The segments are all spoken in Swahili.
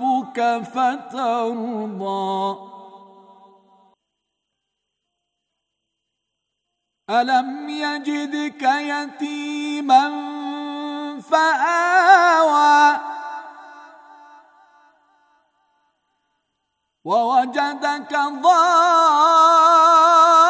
ربك فترضى الم يجدك يتيما فاوى ووجدك ضار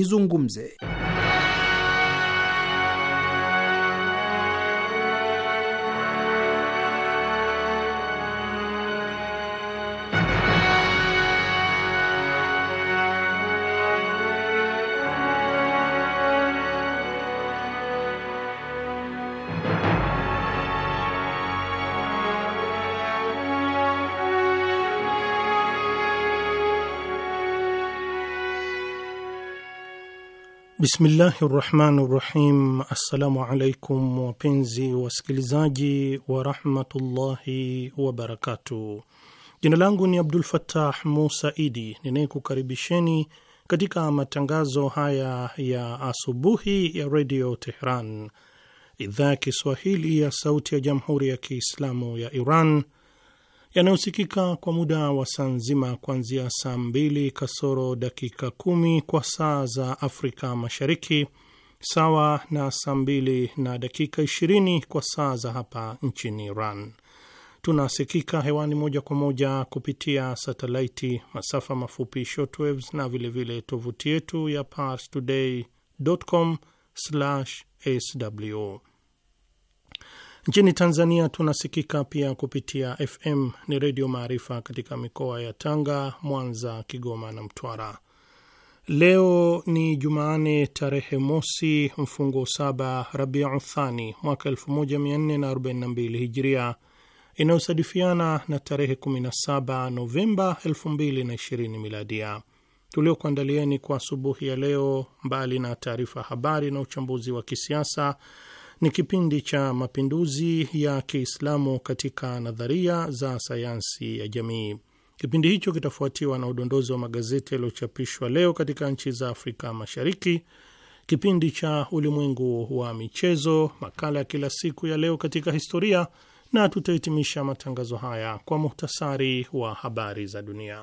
izungumze. Bismillahi rahmani rahim. Assalamu alaikum wapenzi wasikilizaji warahmatullahi wabarakatuh. Jina langu ni Abdul Fatah Musa Idi ninayekukaribisheni katika matangazo haya ya asubuhi ya redio Tehran, idhaa ya Kiswahili ya sauti ya jamhuri ya Kiislamu ya Iran yanayosikika kwa muda wa saa nzima kuanzia saa mbili kasoro dakika kumi kwa saa za Afrika Mashariki, sawa na saa mbili na dakika ishirini kwa saa za hapa nchini Iran. Tunasikika hewani moja kwa moja kupitia satelaiti, masafa mafupi shortwaves, na vilevile tovuti yetu ya parstoday.com/sw Nchini Tanzania tunasikika pia kupitia FM ni Redio Maarifa katika mikoa ya Tanga, Mwanza, Kigoma na Mtwara. Leo ni Jumanne tarehe mosi mfungo saba Rabiu Thani mwaka 1442 Hijiria, inayosadifiana na tarehe 17 Novemba 2020 Miladia. Tuliokuandalieni kwa asubuhi ya leo, mbali na taarifa habari na uchambuzi wa kisiasa ni kipindi cha mapinduzi ya Kiislamu katika nadharia za sayansi ya jamii. Kipindi hicho kitafuatiwa na udondozi wa magazeti yaliyochapishwa leo katika nchi za Afrika Mashariki, kipindi cha ulimwengu wa michezo, makala ya kila siku ya leo katika historia, na tutahitimisha matangazo haya kwa muhtasari wa habari za dunia.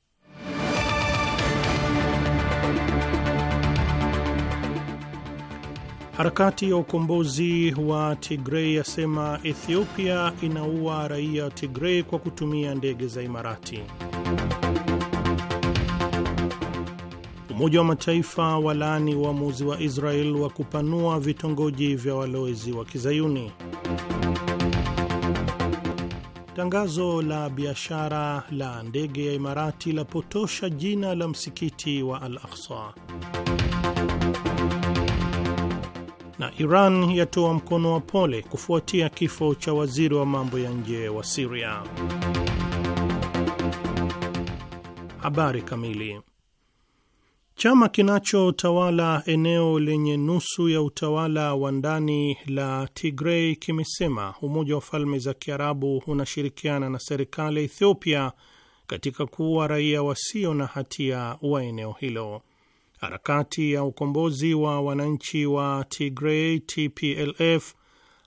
Harakati ya ukombozi wa Tigrei yasema Ethiopia inaua raia Tigrei kwa kutumia ndege za Imarati. Umoja wa Mataifa walaani uamuzi wa Israel wa kupanua vitongoji vya walowezi wa Kizayuni. Tangazo la biashara la ndege ya Imarati lapotosha jina la msikiti wa Al Aqsa na Iran yatoa mkono wa pole kufuatia kifo cha waziri wa mambo ya nje wa Siria. Habari kamili. Chama kinachotawala eneo lenye nusu ya utawala wa ndani la Tigrei kimesema Umoja wa Falme za Kiarabu unashirikiana na serikali ya Ethiopia katika kuua raia wasio na hatia wa eneo hilo. Harakati ya ukombozi wa wananchi wa Tigray TPLF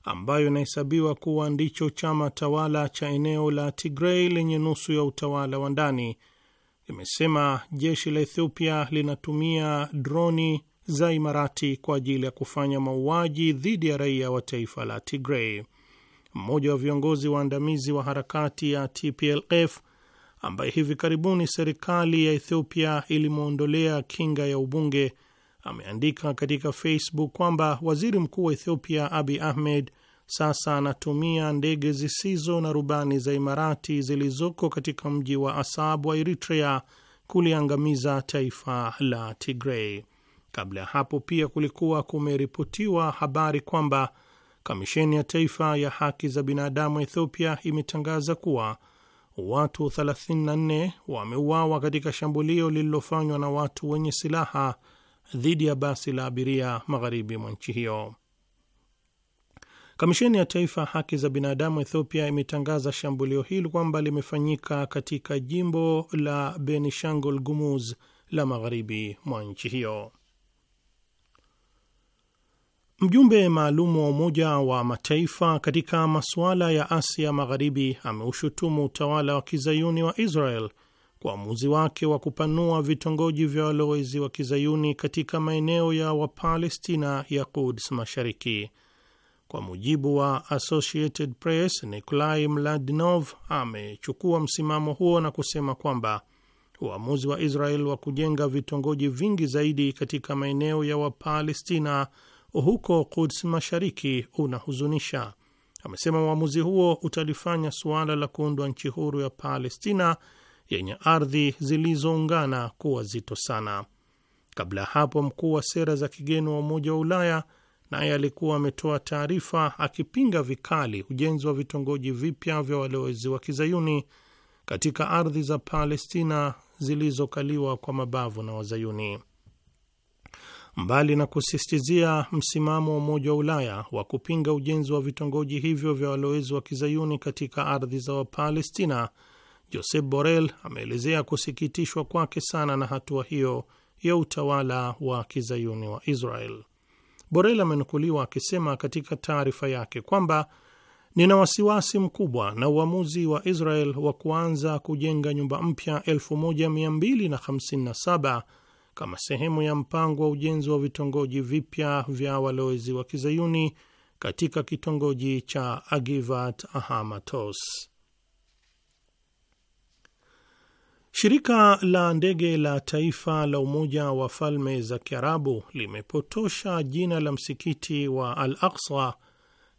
ambayo inahesabiwa kuwa ndicho chama tawala cha eneo la Tigray lenye nusu ya utawala wa ndani limesema jeshi la Ethiopia linatumia droni za Imarati kwa ajili ya kufanya mauaji dhidi ya raia wa taifa la Tigray. Mmoja wa viongozi waandamizi wa harakati ya TPLF ambaye hivi karibuni serikali ya Ethiopia ilimwondolea kinga ya ubunge, ameandika katika Facebook kwamba waziri mkuu wa Ethiopia Abi Ahmed sasa anatumia ndege zisizo na rubani za Imarati zilizoko katika mji wa Asab wa Eritrea kuliangamiza taifa la Tigrei. Kabla ya hapo pia kulikuwa kumeripotiwa habari kwamba kamisheni ya taifa ya haki za binadamu Ethiopia imetangaza kuwa watu 34 wameuawa katika shambulio lililofanywa na watu wenye silaha dhidi ya basi la abiria magharibi mwa nchi hiyo. Kamisheni ya Taifa ya Haki za Binadamu Ethiopia imetangaza shambulio hili kwamba limefanyika katika jimbo la Benishangul Gumuz la magharibi mwa nchi hiyo. Mjumbe maalum wa Umoja wa Mataifa katika masuala ya Asia Magharibi ameushutumu utawala wa kizayuni wa Israel kwa uamuzi wake wa kupanua vitongoji vya walowezi wa kizayuni katika maeneo ya Wapalestina ya Quds Mashariki. Kwa mujibu wa Associated Press, Nikolai Mladinov amechukua msimamo huo na kusema kwamba uamuzi wa Israel wa kujenga vitongoji vingi zaidi katika maeneo ya Wapalestina huko Quds Mashariki unahuzunisha. Amesema uamuzi huo utalifanya suala la kuundwa nchi huru ya Palestina yenye ardhi zilizoungana kuwa zito sana. Kabla ya hapo, mkuu wa sera za kigeni wa Umoja wa Ulaya naye alikuwa ametoa taarifa akipinga vikali ujenzi wa vitongoji vipya vya walowezi wa kizayuni katika ardhi za Palestina zilizokaliwa kwa mabavu na Wazayuni. Mbali na kusisitizia msimamo wa Umoja wa Ulaya wa kupinga ujenzi wa vitongoji hivyo vya walowezi wa kizayuni katika ardhi za Wapalestina, Josep Borrell ameelezea kusikitishwa kwake sana na hatua hiyo ya utawala wa kizayuni wa Israel. Borrell amenukuliwa akisema katika taarifa yake kwamba nina wasiwasi mkubwa na uamuzi wa Israel wa kuanza kujenga nyumba mpya 1257 kama sehemu ya mpango wa ujenzi wa vitongoji vipya vya walowezi wa kizayuni katika kitongoji cha Agivat Ahamatos. Shirika la ndege la taifa la Umoja wa Falme za Kiarabu limepotosha jina la msikiti wa Al aksa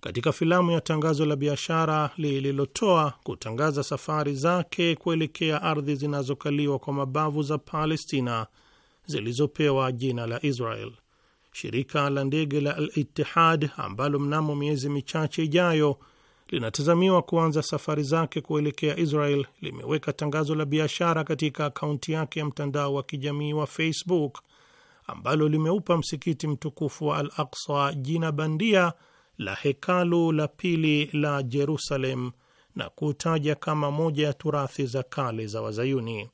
katika filamu ya tangazo la biashara lililotoa kutangaza safari zake kuelekea ardhi zinazokaliwa kwa mabavu za Palestina zilizopewa jina la Israel. Shirika la ndege la Al Ittihad ambalo mnamo miezi michache ijayo linatazamiwa kuanza safari zake kuelekea Israel limeweka tangazo la biashara katika akaunti yake ya mtandao wa kijamii wa Facebook ambalo limeupa msikiti mtukufu wa Al Aksa jina bandia la hekalu la pili la Jerusalem na kuutaja kama moja ya turathi za kale za Wazayuni.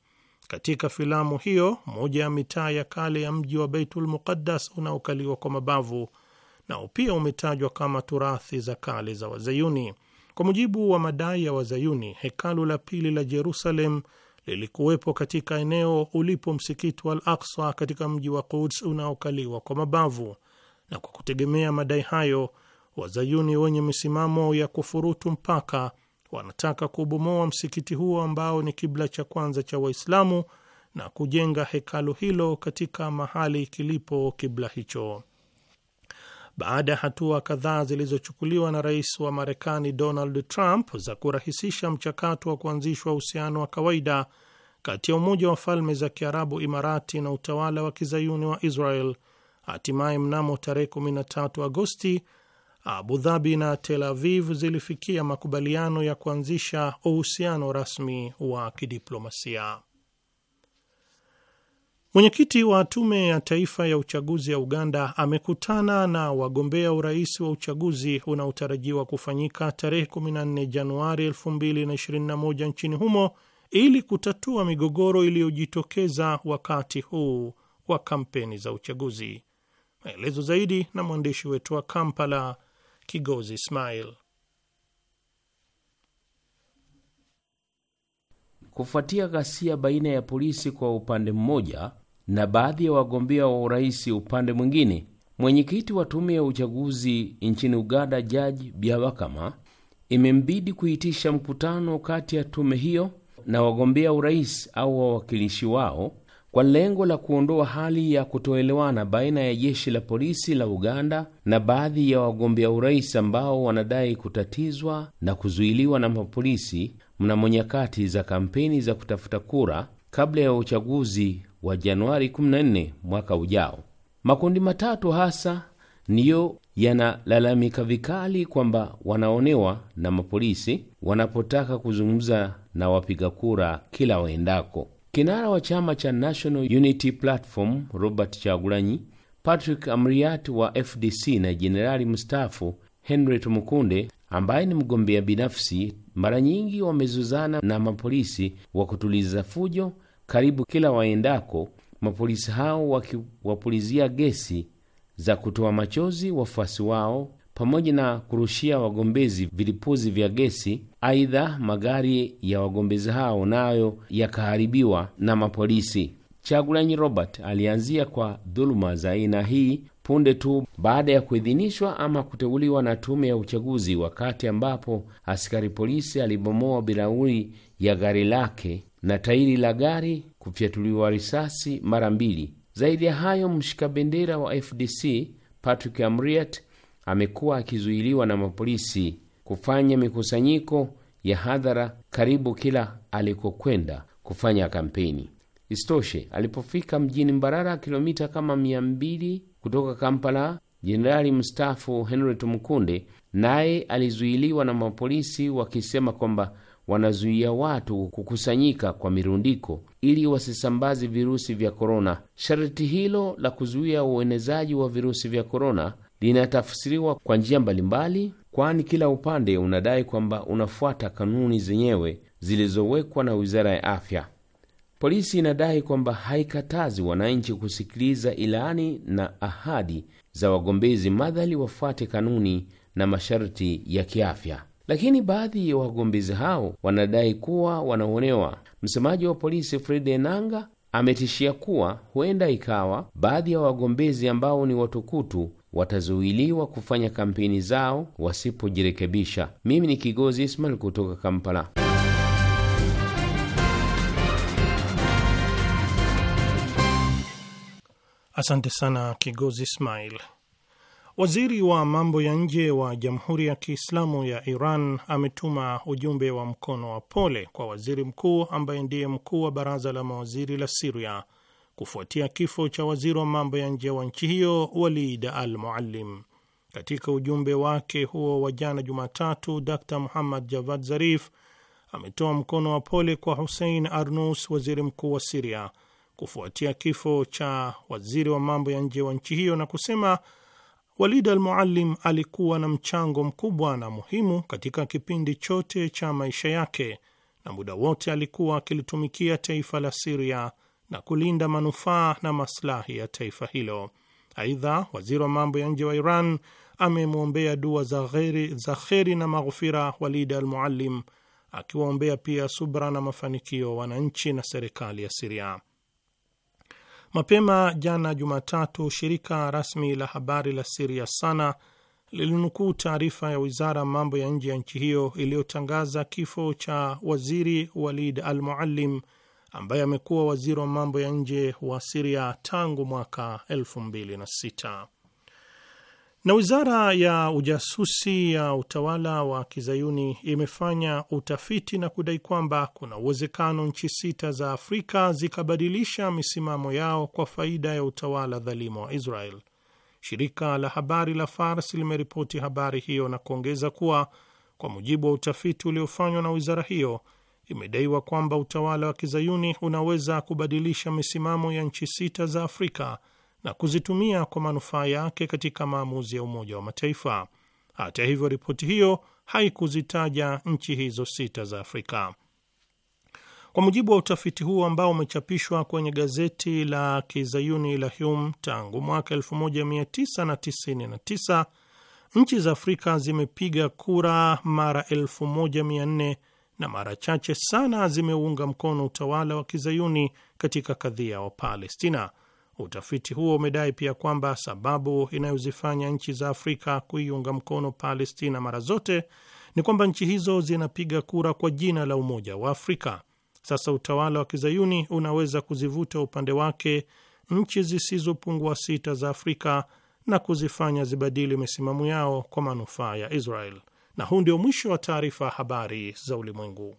Katika filamu hiyo, moja ya mitaa ya kale ya mji wa Beitul Muqaddas unaokaliwa kwa mabavu nao pia umetajwa kama turathi za kale za Wazayuni. Kwa mujibu wa madai ya Wazayuni, hekalu la pili la Jerusalem lilikuwepo katika eneo ulipo msikiti wa Al Aksa katika mji wa Quds unaokaliwa kwa mabavu, na kwa kutegemea madai hayo, Wazayuni wenye misimamo ya kufurutu mpaka wanataka kubomoa msikiti huo ambao ni kibla cha kwanza cha Waislamu na kujenga hekalu hilo katika mahali kilipo kibla hicho. Baada ya hatua kadhaa zilizochukuliwa na rais wa Marekani Donald Trump za kurahisisha mchakato wa kuanzishwa uhusiano wa kawaida kati ya Umoja wa Falme za Kiarabu Imarati na utawala wa kizayuni wa Israel, hatimaye mnamo tarehe 13 Agosti Abu Dhabi na Tel Aviv zilifikia makubaliano ya kuanzisha uhusiano rasmi wa kidiplomasia. Mwenyekiti wa Tume ya Taifa ya Uchaguzi ya Uganda amekutana na wagombea urais wa uchaguzi unaotarajiwa kufanyika tarehe 14 Januari 2021 nchini humo ili kutatua migogoro iliyojitokeza wakati huu wa kampeni za uchaguzi. Maelezo zaidi na mwandishi wetu wa Kampala Kigozi Ismail. Kufuatia ghasia baina ya polisi kwa upande mmoja na baadhi ya wagombea wa urais upande mwingine, mwenyekiti wa tume ya uchaguzi nchini Uganda, Jaji Byabakama, imembidi kuitisha mkutano kati ya tume hiyo na wagombea urais au wawakilishi wao kwa lengo la kuondoa hali ya kutoelewana baina ya jeshi la polisi la Uganda na baadhi ya wagombea urais ambao wanadai kutatizwa na kuzuiliwa na mapolisi mnamo nyakati za kampeni za kutafuta kura kabla ya uchaguzi wa Januari 14 mwaka ujao. Makundi matatu hasa ndiyo yanalalamika vikali kwamba wanaonewa na mapolisi wanapotaka kuzungumza na wapiga kura kila waendako. Kinara wa chama cha National Unity Platform Robert Chagulanyi, Patrick Amriat wa FDC na jenerali mstaafu Henry Tumukunde ambaye ni mgombea binafsi, mara nyingi wamezuzana na mapolisi wa kutuliza fujo karibu kila waendako, mapolisi hao wakiwapulizia gesi za kutoa machozi wafuasi wao pamoja na kurushia wagombezi vilipuzi vya gesi. Aidha, magari ya wagombezi hao nayo yakaharibiwa na mapolisi. Chagulanyi Robert alianzia kwa dhuluma za aina hii punde tu baada ya kuidhinishwa ama kuteuliwa na tume ya uchaguzi, wakati ambapo askari polisi alibomoa bilauri ya gari lake na tairi la gari kufyatuliwa risasi mara mbili. Zaidi ya hayo, mshika bendera wa FDC Patrick Amriat amekuwa akizuiliwa na mapolisi kufanya mikusanyiko ya hadhara karibu kila alikokwenda kufanya kampeni. Isitoshe, alipofika mjini Mbarara, kilomita kama mia mbili kutoka Kampala, jenerali mstaafu Henry Tumukunde naye alizuiliwa na mapolisi wakisema kwamba wanazuia watu kukusanyika kwa mirundiko ili wasisambazi virusi vya korona. Sharti hilo la kuzuia uenezaji wa virusi vya korona linatafsiriwa kwa njia mbalimbali, kwani kila upande unadai kwamba unafuata kanuni zenyewe zilizowekwa na wizara ya afya. Polisi inadai kwamba haikatazi wananchi kusikiliza ilani na ahadi za wagombezi, madhali wafuate kanuni na masharti ya kiafya, lakini baadhi ya wagombezi hao wanadai kuwa wanaonewa. Msemaji wa polisi Fred Enanga ametishia kuwa huenda ikawa baadhi ya wagombezi ambao ni watukutu watazuiliwa kufanya kampeni zao wasipojirekebisha. Mimi ni Kigozi Ismail kutoka Kampala. Asante sana Kigozi Ismail. Waziri wa mambo ya nje wa Jamhuri ya Kiislamu ya Iran ametuma ujumbe wa mkono wa pole kwa waziri mkuu ambaye ndiye mkuu wa baraza la mawaziri la Siria kufuatia kifo cha waziri wa mambo ya nje wa nchi hiyo Walid Al Muallim. Katika ujumbe wake huo wa jana Jumatatu, Dr Muhammad Javad Zarif ametoa mkono wa pole kwa Hussein Arnous, waziri mkuu wa Siria, kufuatia kifo cha waziri wa mambo ya nje wa nchi hiyo na kusema Walid Al Muallim alikuwa na mchango mkubwa na muhimu katika kipindi chote cha maisha yake na muda wote alikuwa akilitumikia taifa la Siria na kulinda manufaa na maslahi ya taifa hilo. Aidha, waziri wa mambo ya nje wa Iran amemwombea dua za kheri za kheri na maghufira Walid al-Muallim, akiwaombea pia subra na mafanikio wananchi na serikali ya Siria. Mapema jana Jumatatu, shirika rasmi la habari la Siria Sana lilinukuu taarifa ya wizara ya mambo ya nje ya nchi hiyo iliyotangaza kifo cha waziri Walid al-Muallim ambaye amekuwa waziri wa mambo ya nje wa Siria tangu mwaka 2006. Na wizara ya ujasusi ya utawala wa kizayuni imefanya utafiti na kudai kwamba kuna uwezekano nchi sita za Afrika zikabadilisha misimamo yao kwa faida ya utawala dhalimu wa Israel. Shirika la habari la Fars limeripoti habari hiyo na kuongeza kuwa kwa mujibu wa utafiti uliofanywa na wizara hiyo imedaiwa kwamba utawala wa kizayuni unaweza kubadilisha misimamo ya nchi sita za Afrika na kuzitumia kwa manufaa yake katika maamuzi ya Umoja wa Mataifa. Hata hivyo, ripoti hiyo haikuzitaja nchi hizo sita za Afrika. Kwa mujibu wa utafiti huo ambao umechapishwa kwenye gazeti la kizayuni la Hume tangu mwaka 1999 nchi za Afrika zimepiga kura mara 1400 na mara chache sana zimeunga mkono utawala wa kizayuni katika kadhia wa Palestina. Utafiti huo umedai pia kwamba sababu inayozifanya nchi za Afrika kuiunga mkono Palestina mara zote ni kwamba nchi hizo zinapiga kura kwa jina la Umoja wa Afrika. Sasa utawala wa kizayuni unaweza kuzivuta upande wake nchi zisizopungua sita za Afrika na kuzifanya zibadili misimamo yao kwa manufaa ya Israel. Na huu ndio mwisho wa taarifa ya habari za ulimwengu.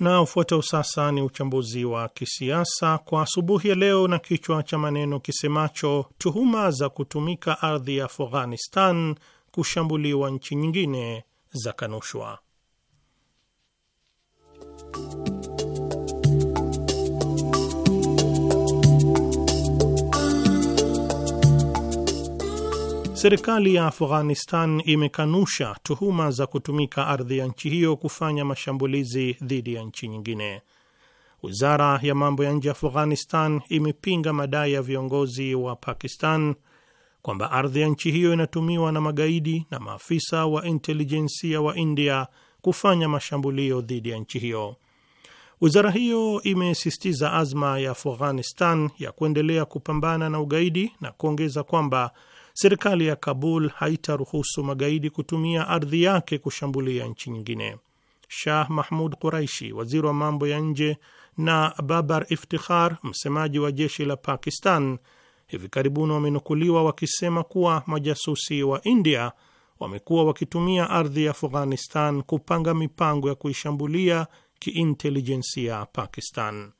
Na ufuatao sasa ni uchambuzi wa kisiasa kwa asubuhi ya leo, na kichwa cha maneno kisemacho tuhuma za kutumika ardhi ya Afghanistan kushambuliwa nchi nyingine za kanushwa. Serikali ya Afghanistan imekanusha tuhuma za kutumika ardhi ya nchi hiyo kufanya mashambulizi dhidi ya nchi nyingine. Wizara ya mambo ya nje ya Afghanistan imepinga madai ya viongozi wa Pakistan kwamba ardhi ya nchi hiyo inatumiwa na magaidi na maafisa wa intelijensia wa India kufanya mashambulio dhidi ya nchi hiyo. Wizara hiyo imesisitiza azma ya Afghanistan ya kuendelea kupambana na ugaidi na kuongeza kwamba serikali ya Kabul haitaruhusu magaidi kutumia ardhi yake kushambulia nchi nyingine. Shah Mahmud Quraishi, waziri wa mambo ya nje, na Babar Iftikhar, msemaji wa jeshi la Pakistan, hivi karibuni wamenukuliwa wakisema kuwa majasusi wa India wamekuwa wakitumia ardhi ya Afghanistan kupanga mipango ya kuishambulia kiintelijensia Pakistan.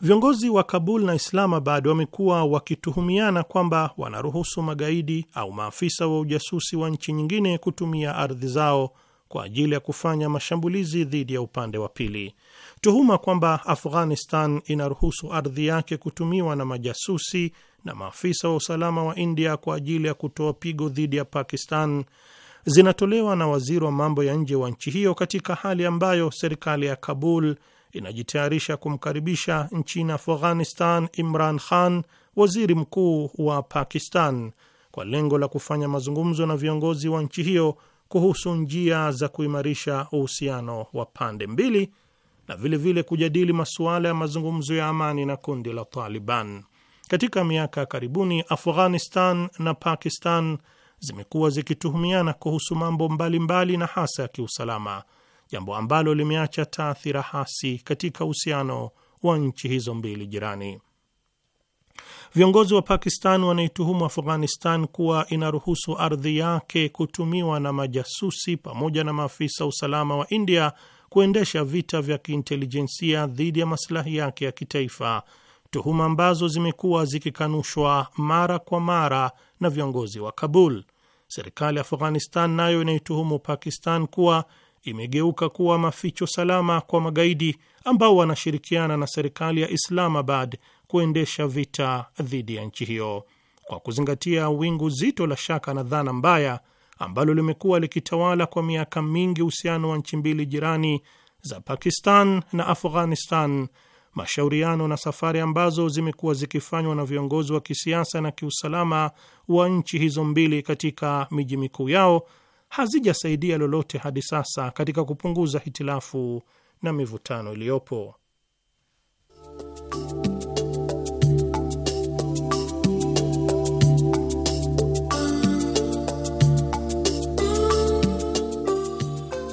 Viongozi wa Kabul na Islamabad wamekuwa wakituhumiana kwamba wanaruhusu magaidi au maafisa wa ujasusi wa nchi nyingine kutumia ardhi zao kwa ajili ya kufanya mashambulizi dhidi ya upande wa pili. Tuhuma kwamba Afghanistan inaruhusu ardhi yake kutumiwa na majasusi na maafisa wa usalama wa India kwa ajili ya kutoa pigo dhidi ya Pakistan zinatolewa na waziri wa mambo ya nje wa nchi hiyo katika hali ambayo serikali ya Kabul inajitayarisha kumkaribisha nchini Afghanistan Imran Khan, waziri mkuu wa Pakistan, kwa lengo la kufanya mazungumzo na viongozi wa nchi hiyo kuhusu njia za kuimarisha uhusiano wa pande mbili na vilevile vile kujadili masuala ya mazungumzo ya amani na kundi la Taliban. Katika miaka ya karibuni, Afghanistan na Pakistan zimekuwa zikituhumiana kuhusu mambo mbalimbali mbali na hasa ya kiusalama, jambo ambalo limeacha taathira hasi katika uhusiano wa nchi hizo mbili jirani. Viongozi wa Pakistan wanaituhumu Afghanistan kuwa inaruhusu ardhi yake kutumiwa na majasusi pamoja na maafisa usalama wa India kuendesha vita vya kiintelijensia dhidi ya masilahi yake ya kitaifa, tuhuma ambazo zimekuwa zikikanushwa mara kwa mara na viongozi wa Kabul. Serikali ya Afghanistan nayo inaituhumu Pakistan kuwa imegeuka kuwa maficho salama kwa magaidi ambao wanashirikiana na serikali ya Islamabad kuendesha vita dhidi ya nchi hiyo. Kwa kuzingatia wingu zito la shaka na dhana mbaya ambalo limekuwa likitawala kwa miaka mingi uhusiano wa nchi mbili jirani za Pakistan na Afghanistan, mashauriano na safari ambazo zimekuwa zikifanywa na viongozi wa kisiasa na kiusalama wa nchi hizo mbili katika miji mikuu yao hazijasaidia lolote hadi sasa katika kupunguza hitilafu na mivutano iliyopo.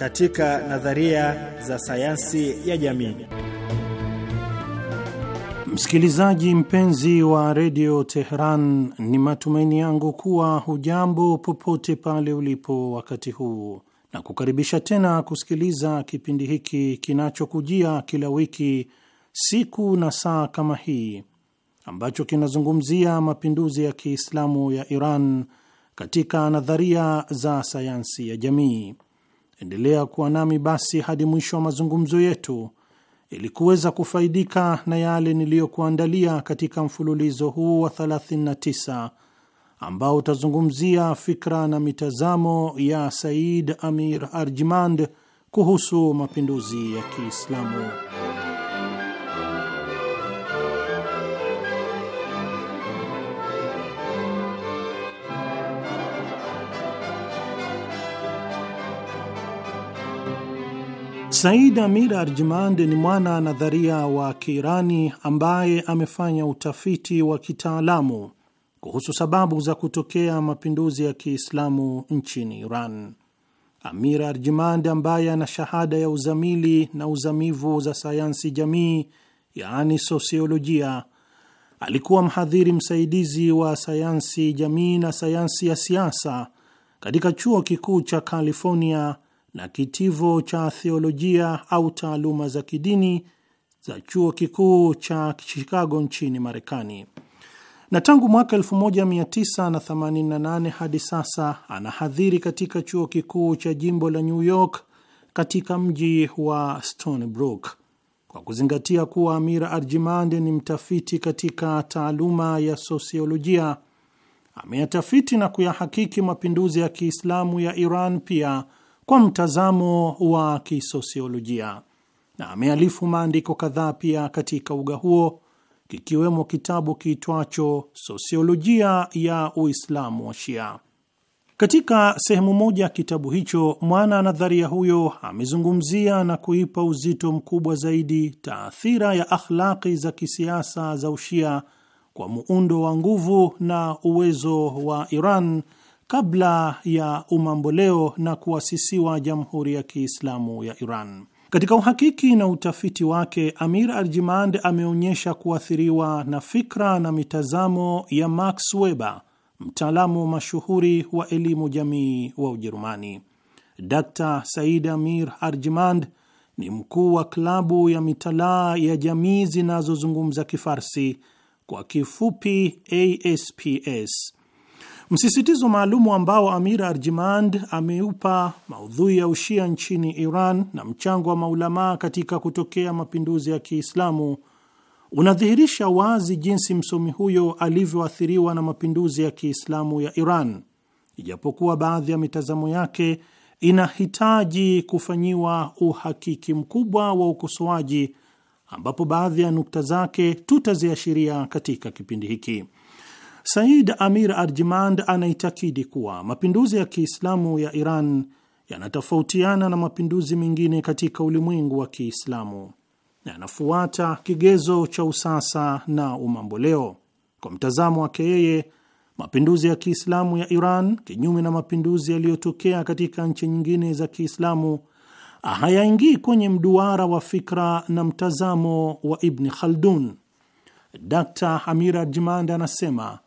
katika nadharia za sayansi ya jamii. Msikilizaji mpenzi wa redio Teheran, ni matumaini yangu kuwa hujambo popote pale ulipo wakati huu, na kukaribisha tena kusikiliza kipindi hiki kinachokujia kila wiki siku na saa kama hii, ambacho kinazungumzia mapinduzi ya Kiislamu ya Iran katika nadharia za sayansi ya jamii. Endelea kuwa nami basi hadi mwisho wa mazungumzo yetu ili kuweza kufaidika na yale niliyokuandalia katika mfululizo huu wa 39 ambao utazungumzia fikra na mitazamo ya Said Amir Arjimand kuhusu mapinduzi ya Kiislamu. Said Amir Arjmand ni mwana nadharia wa Kiirani ambaye amefanya utafiti wa kitaalamu kuhusu sababu za kutokea mapinduzi ya Kiislamu nchini Iran. Amir Arjmand ambaye ana shahada ya uzamili na uzamivu za sayansi jamii, yaani sosiolojia, alikuwa mhadhiri msaidizi wa sayansi jamii na sayansi ya siasa katika chuo kikuu cha California na kitivo cha theolojia au taaluma za kidini za chuo kikuu cha Chicago nchini Marekani, na tangu mwaka 1988 hadi sasa anahadhiri katika chuo kikuu cha jimbo la New York katika mji wa Stony Brook. Kwa kuzingatia kuwa Amira Arjimande ni mtafiti katika taaluma ya sosiolojia, ameyatafiti na kuyahakiki mapinduzi ya Kiislamu ya Iran pia kwa mtazamo wa kisosiolojia na amealifu maandiko kadhaa pia katika uga huo kikiwemo kitabu kiitwacho Sosiolojia ya Uislamu wa Shia. Katika sehemu moja ya kitabu hicho, mwana nadharia huyo amezungumzia na kuipa uzito mkubwa zaidi taathira ya akhlaki za kisiasa za Ushia kwa muundo wa nguvu na uwezo wa Iran kabla ya umamboleo na kuasisiwa Jamhuri ya Kiislamu ya Iran. Katika uhakiki na utafiti wake, Amir Arjimand ameonyesha kuathiriwa na fikra na mitazamo ya Max Weber, mtaalamu mashuhuri wa elimu jamii wa Ujerumani. Dr Said Amir Arjimand ni mkuu wa klabu ya mitalaa ya jamii zinazozungumza Kifarsi, kwa kifupi ASPS. Msisitizo maalumu ambao Amir Arjimand ameupa maudhui ya ushia nchini Iran na mchango wa maulamaa katika kutokea mapinduzi ya Kiislamu unadhihirisha wazi jinsi msomi huyo alivyoathiriwa na mapinduzi ya Kiislamu ya Iran, ijapokuwa baadhi ya mitazamo yake inahitaji kufanyiwa uhakiki mkubwa wa ukosoaji, ambapo baadhi ya nukta zake tutaziashiria katika kipindi hiki. Said Amir Arjimand anaitakidi kuwa mapinduzi ya Kiislamu ya Iran yanatofautiana na mapinduzi mengine katika ulimwengu wa Kiislamu na yanafuata kigezo cha usasa na umamboleo. Kwa mtazamo wake yeye, mapinduzi ya Kiislamu ya Iran, kinyume na mapinduzi yaliyotokea katika nchi nyingine za Kiislamu, hayaingii kwenye mduara wa fikra na mtazamo wa Ibni Khaldun. Dr Amir Arjimand anasema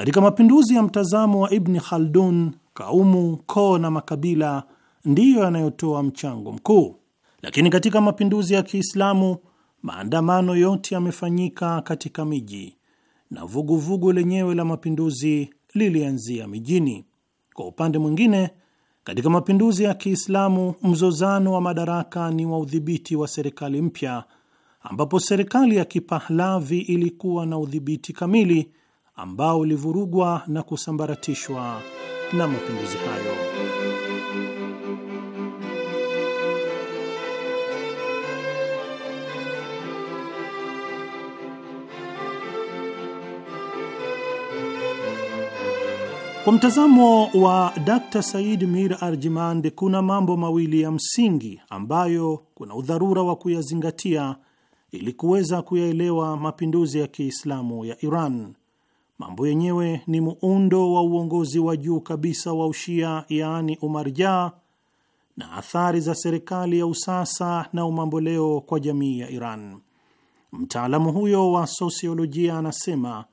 katika mapinduzi ya mtazamo wa Ibni Khaldun, kaumu, koo na makabila ndiyo yanayotoa mchango mkuu, lakini katika mapinduzi ya Kiislamu maandamano yote yamefanyika katika miji na vuguvugu vugu lenyewe la mapinduzi lilianzia mijini. Kwa upande mwingine, katika mapinduzi ya Kiislamu mzozano wa madaraka ni wa udhibiti wa serikali mpya, ambapo serikali ya Kipahlavi ilikuwa na udhibiti kamili ambao ulivurugwa na kusambaratishwa na mapinduzi hayo. Kwa mtazamo wa Dr. Said Mir Arjimand, kuna mambo mawili ya msingi ambayo kuna udharura wa kuyazingatia ili kuweza kuyaelewa mapinduzi ya Kiislamu ya Iran. Mambo yenyewe ni muundo wa uongozi wa juu kabisa wa Ushia, yaani Umarja, na athari za serikali ya usasa na umamboleo kwa jamii ya Iran. Mtaalamu huyo wa sosiolojia anasema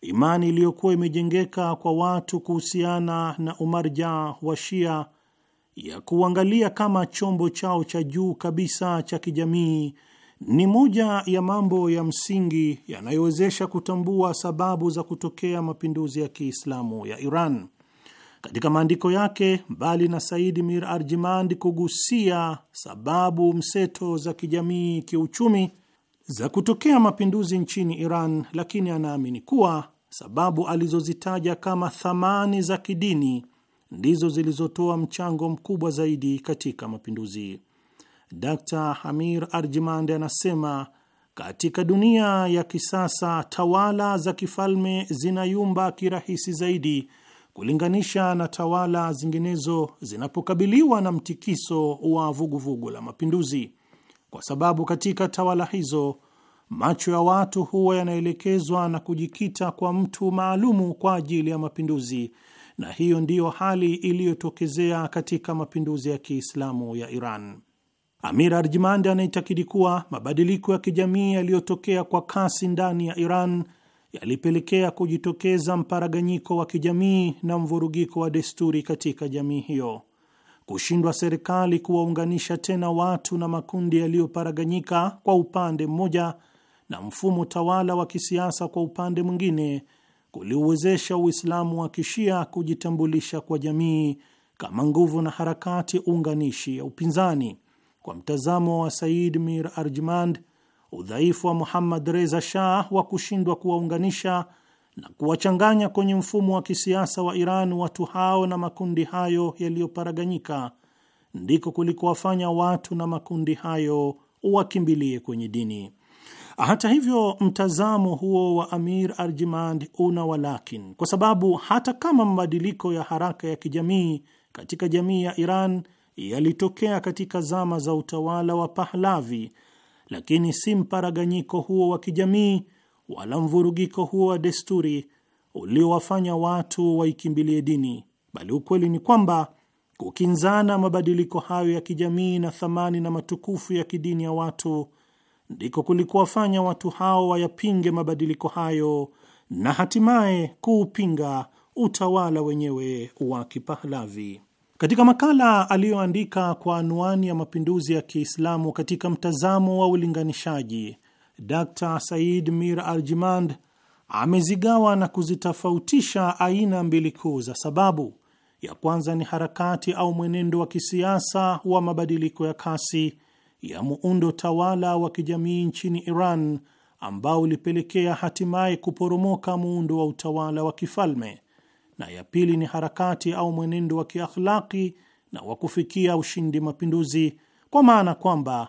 imani iliyokuwa imejengeka kwa watu kuhusiana na umarja wa Shia ya kuangalia kama chombo chao cha juu kabisa cha kijamii ni moja ya mambo ya msingi yanayowezesha kutambua sababu za kutokea mapinduzi ya Kiislamu ya Iran. Katika maandiko yake, mbali na Said Mir Arjimand kugusia sababu mseto za kijamii, kiuchumi za kutokea mapinduzi nchini Iran, lakini anaamini kuwa sababu alizozitaja kama thamani za kidini ndizo zilizotoa mchango mkubwa zaidi katika mapinduzi. Dr Hamir arjimand anasema katika dunia ya kisasa tawala za kifalme zinayumba kirahisi zaidi kulinganisha na tawala zinginezo zinapokabiliwa na mtikiso wa vuguvugu la mapinduzi, kwa sababu katika tawala hizo macho ya watu huwa yanaelekezwa na kujikita kwa mtu maalumu kwa ajili ya mapinduzi, na hiyo ndiyo hali iliyotokezea katika mapinduzi ya Kiislamu ya Iran. Amir Arjimandi anaitakidi kuwa mabadiliko ya kijamii yaliyotokea kwa kasi ndani ya Iran yalipelekea kujitokeza mparaganyiko wa kijamii na mvurugiko wa desturi katika jamii hiyo. Kushindwa serikali kuwaunganisha tena watu na makundi yaliyoparaganyika kwa upande mmoja na mfumo tawala wa kisiasa kwa upande mwingine kuliuwezesha Uislamu wa Kishia kujitambulisha kwa jamii kama nguvu na harakati unganishi ya upinzani. Kwa mtazamo wa Said Mir Arjmand, udhaifu wa Muhammad Reza Shah wa kushindwa kuwaunganisha na kuwachanganya kwenye mfumo wa kisiasa wa Iran watu hao na makundi hayo yaliyoparaganyika ndiko kulikowafanya watu na makundi hayo wakimbilie kwenye dini. Hata hivyo, mtazamo huo wa Amir Arjimand una walakin, kwa sababu hata kama mabadiliko ya haraka ya kijamii katika jamii ya Iran yalitokea katika zama za utawala wa Pahlavi, lakini si mparaganyiko huo wa kijamii wala mvurugiko huo wa desturi uliowafanya watu waikimbilie dini, bali ukweli ni kwamba kukinzana mabadiliko hayo ya kijamii na thamani na matukufu ya kidini ya watu ndiko kulikuwafanya watu hao wayapinge mabadiliko hayo na hatimaye kuupinga utawala wenyewe wa Kipahlavi. Katika makala aliyoandika kwa anwani ya mapinduzi ya Kiislamu katika mtazamo wa ulinganishaji, Dr Said Mir Arjimand amezigawa na kuzitofautisha aina mbili kuu za sababu. Ya kwanza ni harakati au mwenendo wa kisiasa wa mabadiliko ya kasi ya muundo tawala wa kijamii nchini Iran ambao ulipelekea hatimaye kuporomoka muundo wa utawala wa kifalme na ya pili ni harakati au mwenendo wa kiakhlaki na wa kufikia ushindi mapinduzi, kwa maana kwamba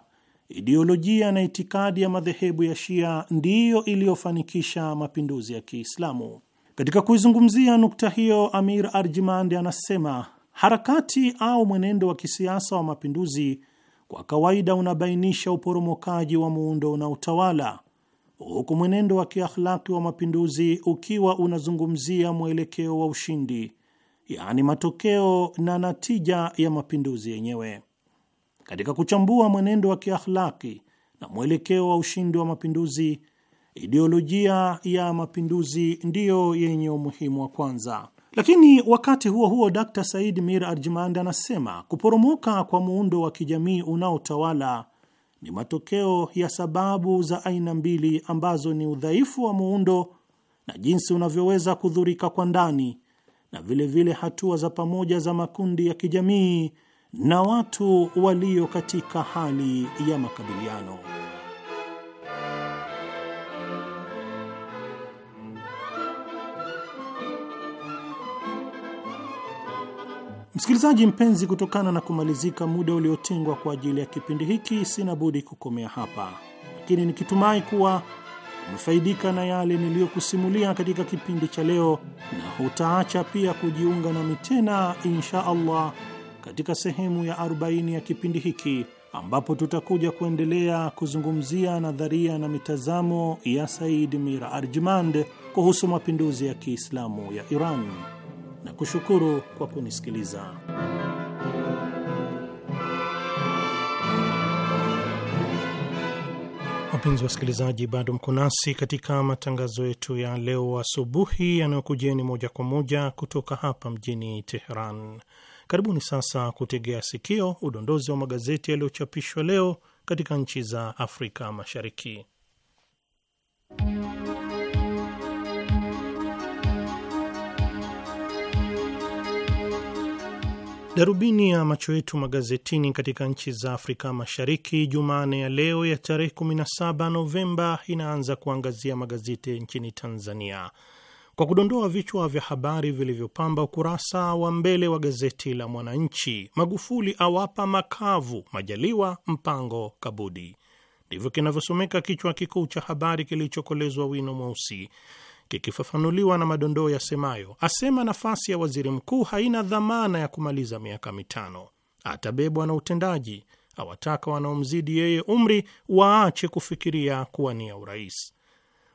ideolojia na itikadi ya madhehebu ya Shia ndiyo iliyofanikisha mapinduzi ya Kiislamu. Katika kuizungumzia nukta hiyo, Amir Arjimand anasema harakati au mwenendo wa kisiasa wa mapinduzi kwa kawaida unabainisha uporomokaji wa muundo na utawala huku mwenendo wa kiakhlaki wa mapinduzi ukiwa unazungumzia mwelekeo wa ushindi, yaani matokeo na natija ya mapinduzi yenyewe. Katika kuchambua mwenendo wa kiakhlaki na mwelekeo wa ushindi wa mapinduzi, ideolojia ya mapinduzi ndiyo yenye umuhimu wa kwanza. Lakini wakati huo huo, Dr Said Mir Arjmand anasema kuporomoka kwa muundo wa kijamii unaotawala ni matokeo ya sababu za aina mbili ambazo ni udhaifu wa muundo na jinsi unavyoweza kudhurika kwa ndani, na vilevile vile hatua za pamoja za makundi ya kijamii na watu walio katika hali ya makabiliano. Msikilizaji mpenzi, kutokana na kumalizika muda uliotengwa kwa ajili ya kipindi hiki, sina budi kukomea hapa, lakini nikitumai kuwa umefaidika na yale niliyokusimulia katika kipindi cha leo, na hutaacha pia kujiunga nami tena insha Allah katika sehemu ya 40 ya kipindi hiki ambapo tutakuja kuendelea kuzungumzia nadharia na mitazamo ya Said Mira Arjmand kuhusu mapinduzi ya Kiislamu ya Iran na kushukuru kwa kunisikiliza. Wapenzi wasikilizaji, bado mko nasi katika matangazo yetu ya leo asubuhi yanayokujeni moja kwa moja kutoka hapa mjini Teheran. Karibuni sasa kutegea sikio udondozi wa magazeti yaliyochapishwa leo katika nchi za Afrika Mashariki. Darubini ya macho yetu magazetini katika nchi za Afrika Mashariki Jumane ya leo ya tarehe 17 Novemba inaanza kuangazia magazeti nchini Tanzania kwa kudondoa vichwa vya habari vilivyopamba ukurasa wa mbele wa gazeti la Mwananchi. Magufuli awapa makavu Majaliwa, Mpango, Kabudi, ndivyo kinavyosomeka kichwa kikuu cha habari kilichokolezwa wino mweusi kikifafanuliwa na madondoo yasemayo, asema nafasi ya waziri mkuu haina dhamana ya kumaliza miaka mitano, atabebwa na utendaji. Awataka wanaomzidi yeye umri waache kufikiria kuwania urais.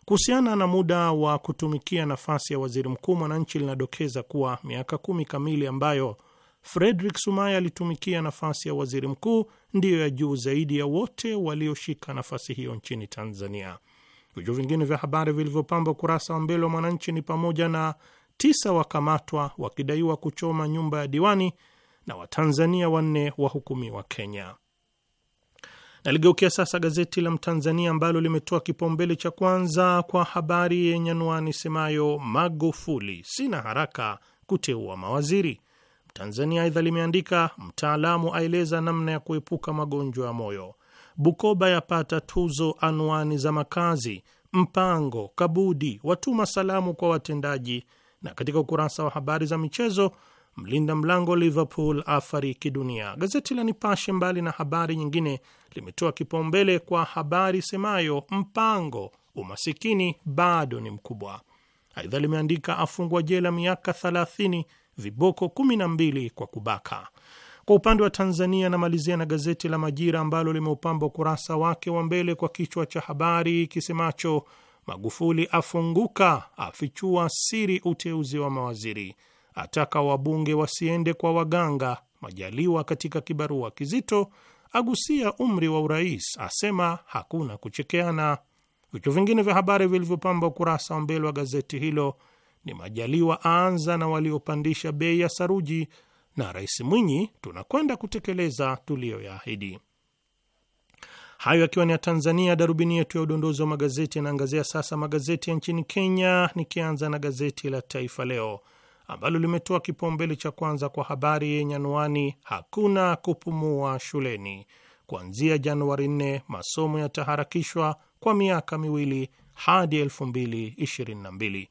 Kuhusiana na muda wa kutumikia nafasi ya waziri mkuu, Mwananchi linadokeza kuwa miaka kumi kamili ambayo Frederick Sumaye alitumikia nafasi ya waziri mkuu ndiyo ya juu zaidi ya wote walioshika nafasi hiyo nchini Tanzania. Vichwa vingine vya habari vilivyopamba ukurasa wa mbele wa Mwananchi ni pamoja na tisa wakamatwa wakidaiwa kuchoma nyumba ya diwani na Watanzania wanne wahukumiwa Kenya. Naligeukia sasa gazeti la Mtanzania ambalo limetoa kipaumbele cha kwanza kwa habari yenye anwani semayo Magufuli, sina haraka kuteua mawaziri. Mtanzania aidha limeandika mtaalamu aeleza namna ya kuepuka magonjwa ya moyo, Bukoba yapata tuzo anwani za makazi, Mpango Kabudi watuma salamu kwa watendaji, na katika ukurasa wa habari za michezo mlinda mlango Liverpool afariki dunia. Gazeti la Nipashe, mbali na habari nyingine, limetoa kipaumbele kwa habari semayo Mpango umasikini bado ni mkubwa. Aidha limeandika afungwa jela miaka 30 viboko 12 kwa kubaka. Kwa upande wa Tanzania, namalizia na gazeti la Majira ambalo limeupamba ukurasa wake wa mbele kwa kichwa cha habari kisemacho Magufuli afunguka, afichua siri uteuzi wa mawaziri, ataka wabunge wasiende kwa waganga, Majaliwa katika kibarua kizito, agusia umri wa urais, asema hakuna kuchekeana. Vichwa vingine vya habari vilivyopamba ukurasa wa mbele wa gazeti hilo ni Majaliwa aanza na waliopandisha bei ya saruji, na Rais Mwinyi tunakwenda kutekeleza tuliyoyaahidi. Hayo akiwa ni ya Tanzania. Darubini yetu ya udondozi wa magazeti yanaangazia sasa magazeti ya nchini Kenya, nikianza na gazeti la Taifa Leo ambalo limetoa kipaumbele cha kwanza kwa habari yenye anwani hakuna kupumua shuleni, kuanzia Januari 4 masomo yataharakishwa kwa miaka miwili hadi 2022.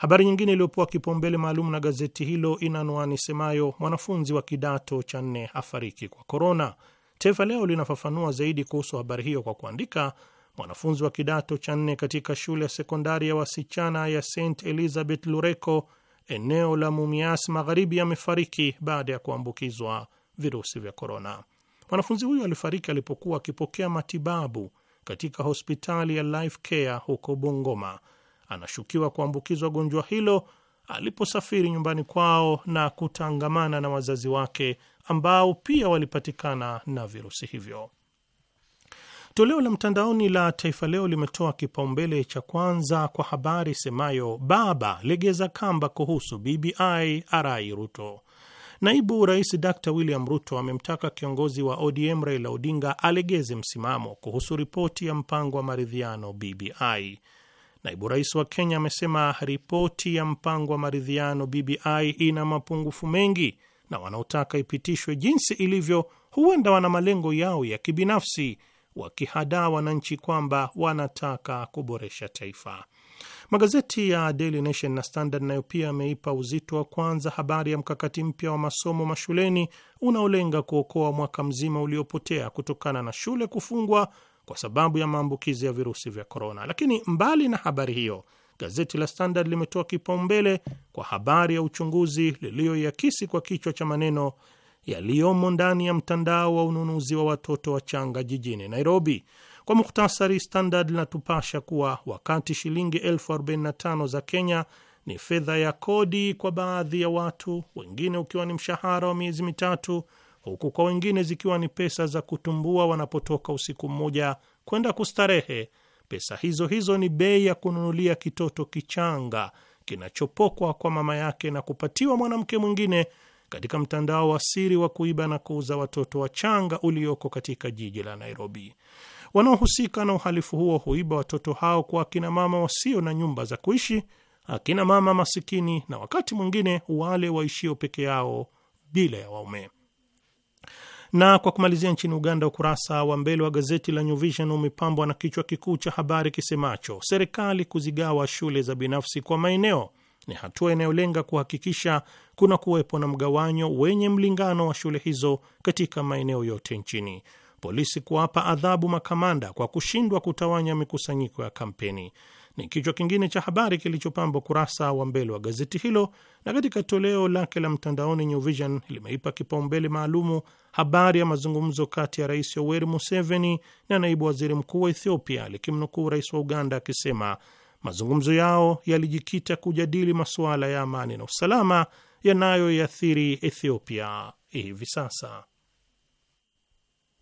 Habari nyingine iliyopewa kipaumbele maalum na gazeti hilo ina anwani semayo mwanafunzi wa kidato cha nne afariki kwa korona. Taifa Leo linafafanua zaidi kuhusu habari hiyo kwa kuandika, mwanafunzi wa kidato cha nne katika shule ya sekondari ya wasichana ya St Elizabeth Lureko eneo la Mumias Magharibi amefariki baada ya kuambukizwa virusi vya korona. Mwanafunzi huyo alifariki alipokuwa akipokea matibabu katika hospitali ya Life Care huko Bungoma anashukiwa kuambukizwa gonjwa hilo aliposafiri nyumbani kwao na kutangamana na wazazi wake ambao pia walipatikana na virusi hivyo. Toleo la mtandaoni la Taifa Leo limetoa kipaumbele cha kwanza kwa habari semayo baba legeza kamba kuhusu BBI arai Ruto. Naibu Rais Dr William Ruto amemtaka kiongozi wa ODM Raila Odinga alegeze msimamo kuhusu ripoti ya mpango wa maridhiano BBI. Naibu rais wa Kenya amesema ripoti ya mpango wa maridhiano BBI ina mapungufu mengi na wanaotaka ipitishwe jinsi ilivyo huenda wana malengo yao ya kibinafsi, wakihadaa wananchi kwamba wanataka kuboresha taifa. Magazeti ya Daily Nation na Standard nayo pia ameipa uzito wa kwanza habari ya mkakati mpya wa masomo mashuleni unaolenga kuokoa mwaka mzima uliopotea kutokana na shule kufungwa kwa sababu ya maambukizi ya virusi vya korona. Lakini mbali na habari hiyo, gazeti la Standard limetoa kipaumbele kwa habari ya uchunguzi liliyoiakisi kwa kichwa cha maneno yaliyomo ndani ya mtandao wa ununuzi wa watoto wachanga jijini Nairobi. Kwa muhtasari, Standard linatupasha kuwa wakati shilingi elfu 45 za Kenya ni fedha ya kodi kwa baadhi ya watu, wengine ukiwa ni mshahara wa miezi mitatu huku kwa wengine zikiwa ni pesa za kutumbua wanapotoka usiku mmoja kwenda kustarehe. Pesa hizo hizo ni bei ya kununulia kitoto kichanga kinachopokwa kwa mama yake na kupatiwa mwanamke mwingine katika mtandao wa siri wa kuiba na kuuza watoto wachanga ulioko katika jiji la Nairobi. Wanaohusika na uhalifu huo huiba watoto hao kwa akina mama wasio na nyumba za kuishi, akina mama masikini, na wakati mwingine wale waishio peke yao bila ya waume. Na kwa kumalizia, nchini Uganda, ukurasa wa mbele wa gazeti la New Vision umepambwa na kichwa kikuu cha habari kisemacho serikali kuzigawa shule za binafsi kwa maeneo ni hatua inayolenga kuhakikisha kuna kuwepo na mgawanyo wenye mlingano wa shule hizo katika maeneo yote nchini polisi kuwapa adhabu makamanda kwa kushindwa kutawanya mikusanyiko ya kampeni ni kichwa kingine cha habari kilichopamba ukurasa wa mbele wa gazeti hilo. Na katika toleo lake la mtandaoni, New Vision limeipa kipaumbele maalumu habari ya mazungumzo kati ya Rais Yoweri Museveni na naibu waziri mkuu wa Ethiopia, likimnukuu rais wa Uganda akisema mazungumzo yao yalijikita kujadili masuala ya amani na usalama yanayoiathiri Ethiopia hivi sasa.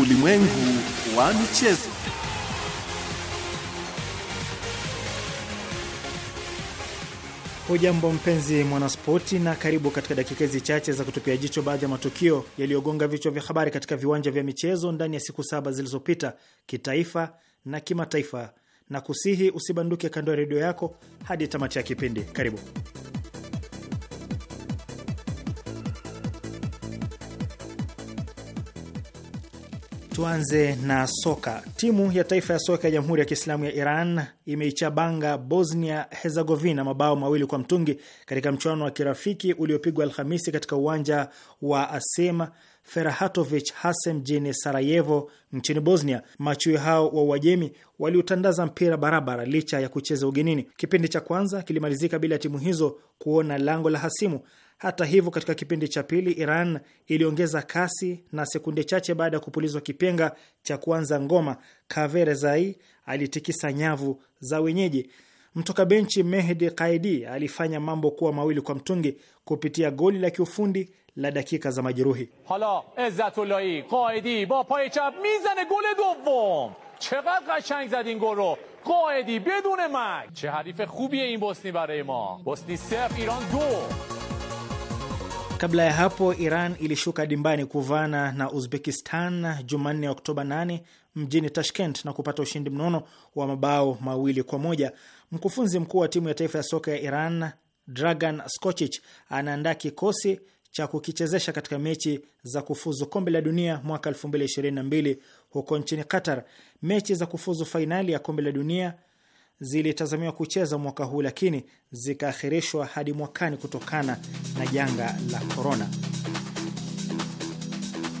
Ulimwengu wa michezo. Hujambo mpenzi mwanaspoti, na karibu katika dakika hizi chache za kutupia jicho baadhi ya matukio yaliyogonga vichwa vya habari katika viwanja vya michezo ndani ya siku saba zilizopita, kitaifa na kimataifa, na kusihi usibanduke kando ya redio yako hadi tamati ya kipindi. Karibu. Tuanze na soka. Timu ya taifa ya soka ya Jamhuri ya Kiislamu ya Iran imeichabanga Bosnia Herzegovina mabao mawili kwa mtungi katika mchuano wa kirafiki uliopigwa Alhamisi katika uwanja wa asema ferahatovich Hase mjini Sarajevo nchini Bosnia. Machui hao wa Uajemi waliutandaza mpira barabara licha ya kucheza ugenini. Kipindi cha kwanza kilimalizika bila ya timu hizo kuona lango la hasimu. Hata hivyo, katika kipindi cha pili Iran iliongeza kasi na sekunde chache baada ya kupulizwa kipenga cha kuanza ngoma, Kaverezai alitikisa nyavu za wenyeji. Mtoka benchi Mehdi Qaidi alifanya mambo kuwa mawili kwa mtungi kupitia goli la kiufundi la dakika za majeruhi. Hala Izzatullahi ba chap mizane gole dovom chegad qashang zad in gol ro Qaidi bedune mag che harife khubie in bosni baraye ma bosni sef Iran do Kabla ya hapo Iran ilishuka dimbani kuvana na Uzbekistan Jumanne, Oktoba 8 mjini Tashkent na kupata ushindi mnono wa mabao mawili kwa moja. Mkufunzi mkuu wa timu ya taifa ya soka ya Iran Dragan Skocic anaandaa kikosi cha kukichezesha katika mechi za kufuzu kombe la dunia mwaka 2022 huko nchini Qatar. Mechi za kufuzu fainali ya kombe la dunia zilitazamiwa kucheza mwaka huu lakini zikaakhirishwa hadi mwakani kutokana na janga la korona.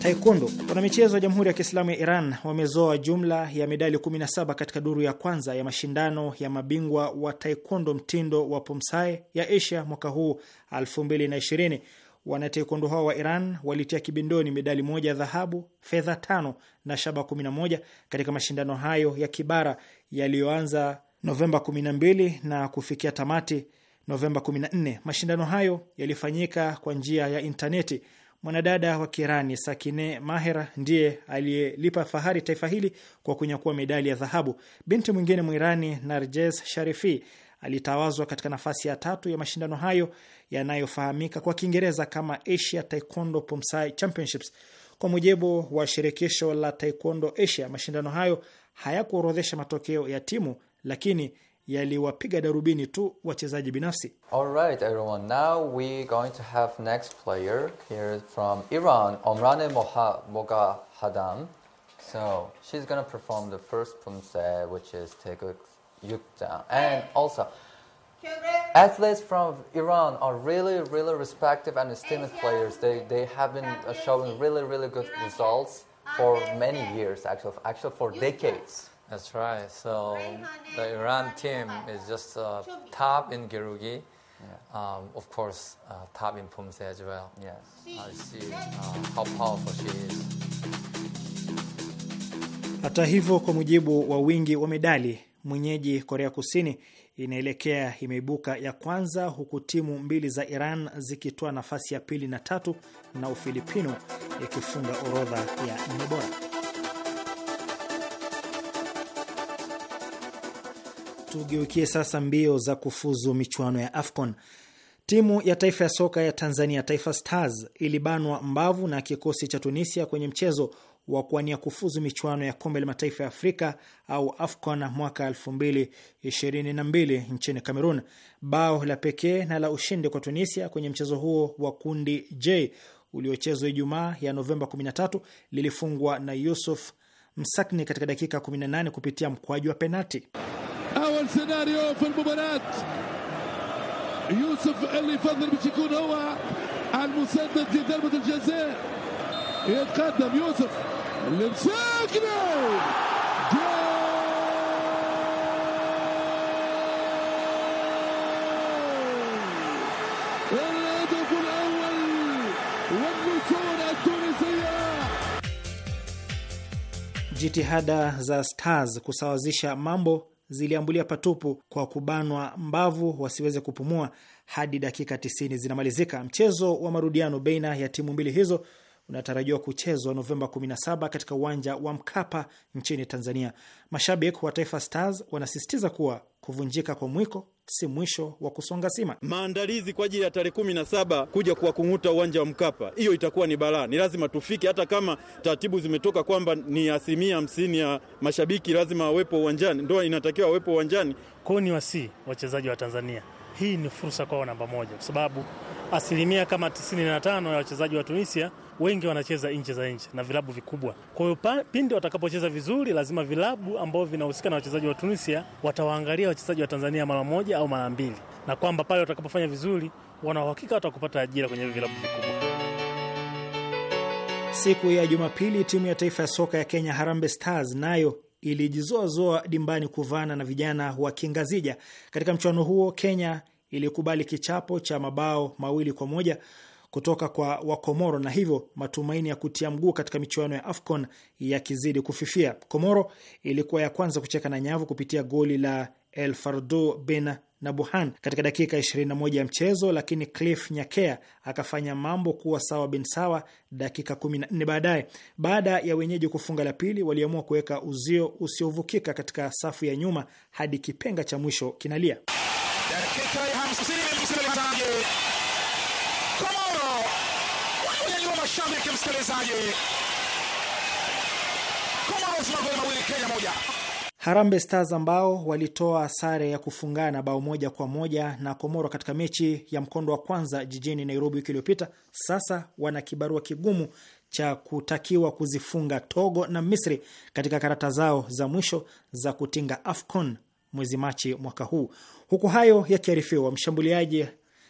Taekwondo. Wanamichezo wa Jamhuri ya Kiislamu ya Iran wamezoa jumla ya medali 17 katika duru ya kwanza ya mashindano ya mabingwa wa taekwondo mtindo wa Pomsae ya Asia mwaka huu 2020. Wanataekwondo hao wa Iran walitia kibindoni medali moja ya dhahabu, fedha tano na shaba 11 katika mashindano hayo ya kibara yaliyoanza Novemba 12 na kufikia tamati Novemba 14. Mashindano hayo yalifanyika kwa njia ya intaneti. Mwanadada wa Kirani Sakine Mahera ndiye aliyelipa fahari taifa hili kwa kunyakua medali ya dhahabu. Binti mwingine Mwirani Narjes Sharifi alitawazwa katika nafasi ya tatu ya mashindano hayo yanayofahamika kwa Kiingereza kama Asia Taekwondo Pomsae Championships. Kwa mujibu wa shirikisho la taekwondo Asia, mashindano hayo hayakuorodhesha matokeo ya timu lakini yaliwapiga darubini tu wachezaji binafsi. All right everyone, now we going to have next player here from Iran, Omrane Mogahadam. So she's gonna perform the first punse, which is Teguk Yukta. And also, athletes from Iran are really, really respected and esteemed players. They, they have been uh, showing really, really good results for many years, actually, actually for decades. That's right. So the Iran team is just uh, top in Girugi. Yeah. Um, of course, uh, top in Pumse as well. Yes. I see uh, how powerful she is. Hata hivyo, kwa mujibu wa wingi wa medali, mwenyeji Korea Kusini inaelekea imeibuka ya kwanza, huku timu mbili za Iran zikitoa nafasi ya pili na tatu na Ufilipino ikifunga orodha ya nne bora. Tugeukie sasa mbio za kufuzu michuano ya AFCON. Timu ya taifa ya soka ya Tanzania, Taifa Stars, ilibanwa mbavu na kikosi cha Tunisia kwenye mchezo wa kuwania kufuzu michuano ya kombe la mataifa ya Afrika au AFCON mwaka 2022 nchini Cameroon. Bao la pekee na la ushindi kwa Tunisia kwenye mchezo huo wa kundi J uliochezwa Ijumaa ya Novemba 13 lilifungwa na Yusuf Msakni katika dakika 18 kupitia mkwaju wa penati. افضل سيناريو في المباراه يوسف اللي يفضل باش يكون هو المسدد لضربه الجزاء يتقدم يوسف لمساكنه الهدف الاول والنسور التونسيه جitihada za Stars kusawazisha mambo ziliambulia patupu kwa kubanwa mbavu wasiweze kupumua hadi dakika 90 zinamalizika. Mchezo wa marudiano baina ya timu mbili hizo unatarajiwa kuchezwa Novemba 17 katika uwanja wa Mkapa nchini Tanzania. Mashabiki wa Taifa Stars wanasisitiza kuwa kuvunjika kwa mwiko si mwisho wa kusonga sima. Maandalizi kwa ajili ya tarehe kumi na saba kuja kuwakung'uta uwanja wa Mkapa, hiyo itakuwa ni balaa. Ni lazima tufike, hata kama taratibu zimetoka kwamba ni asilimia hamsini ya mashabiki lazima wawepo uwanjani, ndo inatakiwa wawepo uwanjani. Kwao ni wasi wachezaji wa Tanzania, hii ni fursa kwao namba moja, kwa sababu asilimia kama 95 ya wachezaji wa Tunisia wengi wanacheza nchi za nje na vilabu vikubwa. Kwa hiyo pindi watakapocheza vizuri, lazima vilabu ambavyo vinahusika na wachezaji wa Tunisia watawaangalia wachezaji wa Tanzania mara moja au mara mbili, na kwamba pale watakapofanya vizuri, wanauhakika watakupata ajira kwenye vilabu vikubwa. Siku ya Jumapili, timu ya taifa ya soka ya Kenya, Harambee Stars, nayo ilijizoazoa dimbani kuvana na vijana wa Kingazija. Katika mchuano huo, Kenya ilikubali kichapo cha mabao mawili kwa moja kutoka kwa Wakomoro na hivyo matumaini ya kutia mguu katika michuano ya AFCON yakizidi kufifia. Komoro ilikuwa ya kwanza kucheka na nyavu kupitia goli la El Fardo Ben Nabuhan katika dakika 21 ya mchezo, lakini Cliff Nyakea akafanya mambo kuwa sawa bin sawa dakika 14 baadaye. Baada ya wenyeji kufunga la pili, waliamua kuweka uzio usiovukika katika safu ya nyuma hadi kipenga cha mwisho kinalia. Inakuwaje? Harambee Stars ambao walitoa sare ya kufungana bao moja kwa moja na Komoro katika mechi ya mkondo wa kwanza jijini Nairobi wiki iliyopita, sasa wana kibarua kigumu cha kutakiwa kuzifunga Togo na Misri katika karata zao za mwisho za kutinga AFCON mwezi Machi mwaka huu. Huku hayo yakiarifiwa, mshambuliaji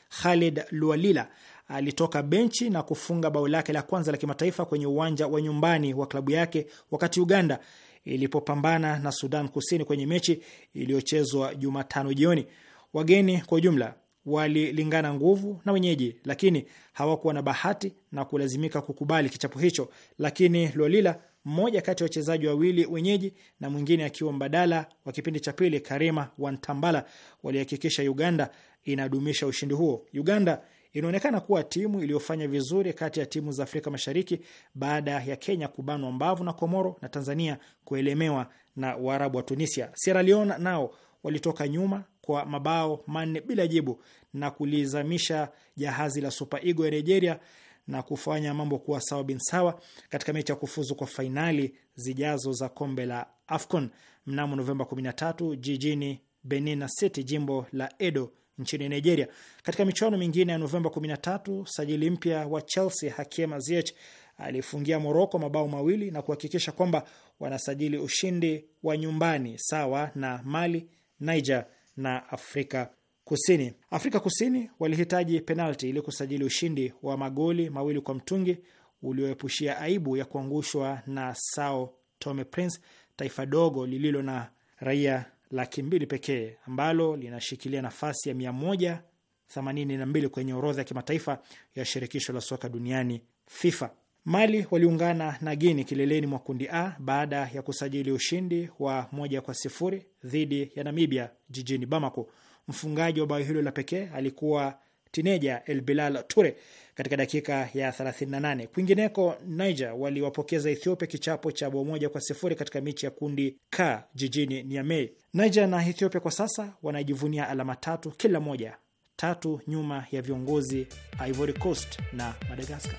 Khalid Lualila alitoka benchi na kufunga bao lake la kwanza la kimataifa kwenye uwanja wa nyumbani wa klabu yake wakati Uganda ilipopambana na Sudan Kusini kwenye mechi iliyochezwa Jumatano jioni. Wageni kwa ujumla walilingana nguvu na wenyeji, lakini hawakuwa na bahati na kulazimika kukubali kichapo hicho. Lakini Lolila, mmoja kati ya wachezaji wawili wenyeji na mwingine akiwa mbadala wa kipindi cha pili, Karima Wantambala, walihakikisha Uganda inadumisha ushindi huo. Uganda inaonekana kuwa timu iliyofanya vizuri kati ya timu za Afrika Mashariki baada ya Kenya kubanwa mbavu na Komoro na Tanzania kuelemewa na Waarabu wa Tunisia. Sierra Leone nao walitoka nyuma kwa mabao manne bila jibu na kulizamisha jahazi la Super Eagle ya Nigeria na kufanya mambo kuwa sawa bin sawa katika mechi ya kufuzu kwa fainali zijazo za kombe la AFCON mnamo Novemba 13 jijini Benin City, jimbo la Edo nchini Nigeria. Katika michuano mingine ya Novemba 13, sajili mpya wa Chelsea Hakim Ziyech alifungia Moroko mabao mawili na kuhakikisha kwamba wanasajili ushindi wa nyumbani sawa na Mali, Niger na Afrika Kusini. Afrika Kusini walihitaji penalti ili kusajili ushindi wa magoli mawili kwa mtungi ulioepushia aibu ya kuangushwa na Sao Tome Prince, taifa dogo lililo na raia laki mbili pekee ambalo linashikilia nafasi ya 182 kwenye orodha ya kimataifa ya shirikisho la soka duniani FIFA. Mali waliungana na Guini kileleni mwa kundi A baada ya kusajili ushindi wa moja kwa sifuri dhidi ya Namibia jijini Bamako. Mfungaji wa bao hilo la pekee alikuwa tineja El Bilal Ture katika dakika ya 38. Kwingineko, Niger waliwapokeza Ethiopia kichapo cha bao moja kwa sifuri katika mechi ya kundi K jijini Niamey. Niger na Ethiopia kwa sasa wanajivunia alama tatu kila moja, tatu nyuma ya viongozi Ivory Coast na Madagaskar.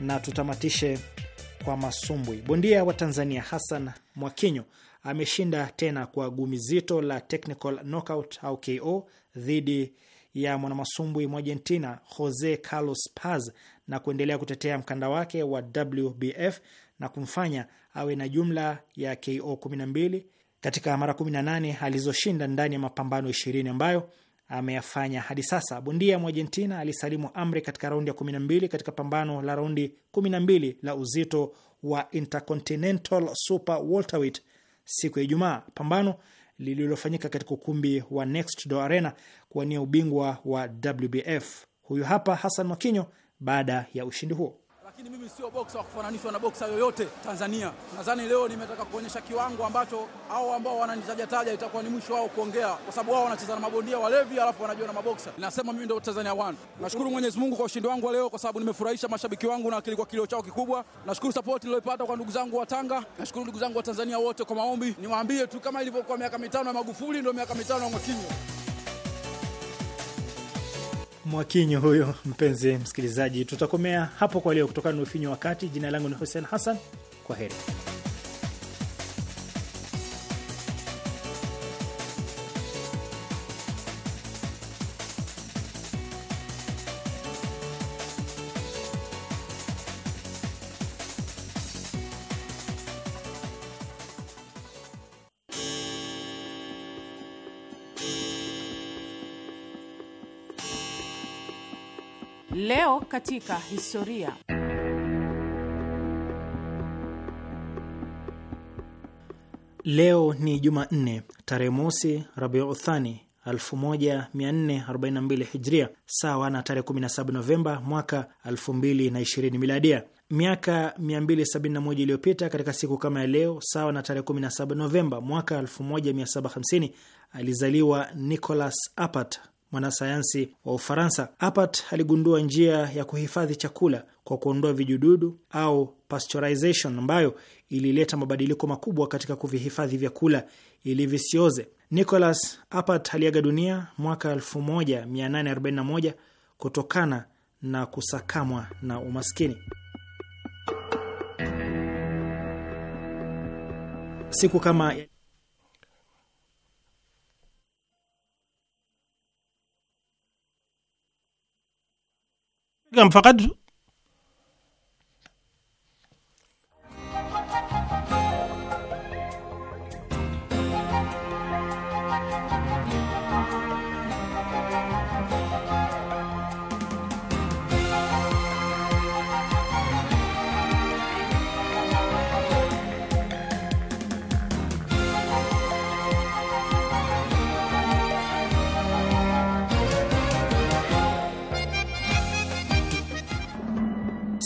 Na tutamatishe kwa masumbwi. Bondia wa Tanzania Hassan Mwakinyo ameshinda tena kwa gumi zito la technical knockout au KO dhidi ya mwanamasumbwi Mwargentina Jose Carlos Paz na kuendelea kutetea mkanda wake wa WBF na kumfanya awe na jumla ya KO 12 katika mara 18 alizoshinda ndani ya mapambano 20 ambayo ameyafanya hadi sasa. Bondia Mwargentina alisalimu amri katika raundi ya 12 katika pambano la raundi 12 la uzito wa Intercontinental Super Welterweight siku ya Ijumaa, pambano lililofanyika katika ukumbi wa Next Door Arena kuwania ubingwa wa WBF. Huyu hapa Hassan Mwakinyo baada ya ushindi huo lakini mimi sio boksa wa kufananishwa na boksa yoyote Tanzania. Nadhani leo nimetaka kuonyesha kiwango ambacho hao ambao wananitajataja itakuwa ni mwisho wao kuongea, kwa sababu wao wanacheza na mabondia walevi, alafu wanajua na maboksa. Nasema mimi ndio Tanzania one. Nashukuru Mwenyezi Mungu kwa ushindi wangu wa leo, kwa sababu nimefurahisha mashabiki wangu na kilikuwa kilio chao kikubwa. Nashukuru support niliyopata kwa ndugu zangu wa Tanga. Nashukuru ndugu zangu wa Tanzania wote kwa maombi. Niwaambie tu kama ilivyokuwa miaka mitano ya Magufuli, ndio miaka mitano ya Mwakinyo. Mwakinyo huyo, mpenzi msikilizaji, tutakomea hapo kwa leo kutokana na ufinyo wakati. Jina langu ni Hussein Hassan, kwa heri. katika historia. Leo ni Jumanne tarehe mosi Rabiu Thani 1442 Hijria, sawa na tarehe 17 Novemba mwaka 2020 Miladia. Miaka 271 iliyopita katika siku kama ya leo, sawa na tarehe 17 Novemba mwaka 1750, alizaliwa Nicholas Appert, mwanasayansi wa Ufaransa. Apat aligundua njia ya kuhifadhi chakula kwa kuondoa vijududu au pasteurization, ambayo ilileta mabadiliko makubwa katika kuvihifadhi vyakula ili visioze. Nicholas Apat aliaga dunia mwaka 1841 kutokana na kusakamwa na umaskini. Siku kama نعم، فقد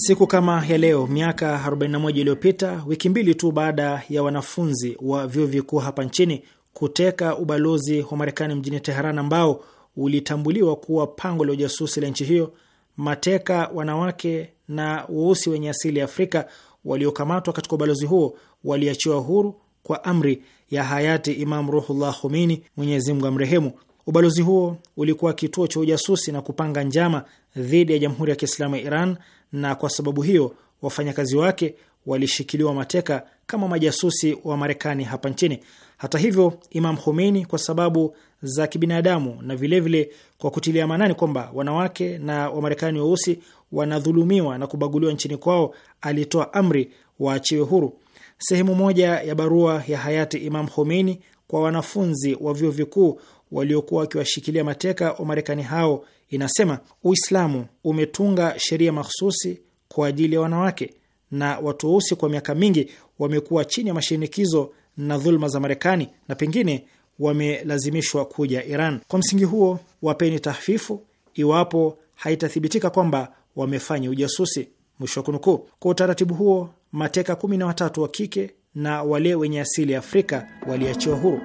Siku kama ya leo miaka 41 iliyopita, wiki mbili tu baada ya wanafunzi wa vyuo vikuu hapa nchini kuteka ubalozi wa Marekani mjini Teheran ambao ulitambuliwa kuwa pango la ujasusi la nchi hiyo, mateka wanawake na weusi wenye asili ya Afrika waliokamatwa katika ubalozi huo waliachiwa huru kwa amri ya hayati Imam Ruhullah Khomeini, Mwenyezi Mungu amrehemu. Ubalozi huo ulikuwa kituo cha ujasusi na kupanga njama dhidi ya Jamhuri ya Kiislamu ya Iran na kwa sababu hiyo wafanyakazi wake walishikiliwa mateka kama majasusi wa Marekani hapa nchini. Hata hivyo, Imam Khomeini kwa sababu za kibinadamu na vilevile vile kwa kutilia maanani kwamba wanawake na Wamarekani weusi wanadhulumiwa na kubaguliwa nchini kwao, alitoa amri waachiwe huru. Sehemu moja ya barua ya hayati Imam Khomeini kwa wanafunzi wa vyuo vikuu waliokuwa wakiwashikilia mateka Wamarekani hao inasema Uislamu umetunga sheria mahsusi kwa ajili ya wanawake, na watu weusi kwa miaka mingi wamekuwa chini ya mashinikizo na dhuluma za Marekani na pengine wamelazimishwa kuja Iran. Kwa msingi huo, wapeni tahfifu iwapo haitathibitika kwamba wamefanya ujasusi. Mwisho wa kunukuu. Kwa utaratibu huo mateka kumi na watatu wa kike na wale wenye asili ya Afrika waliachiwa huru.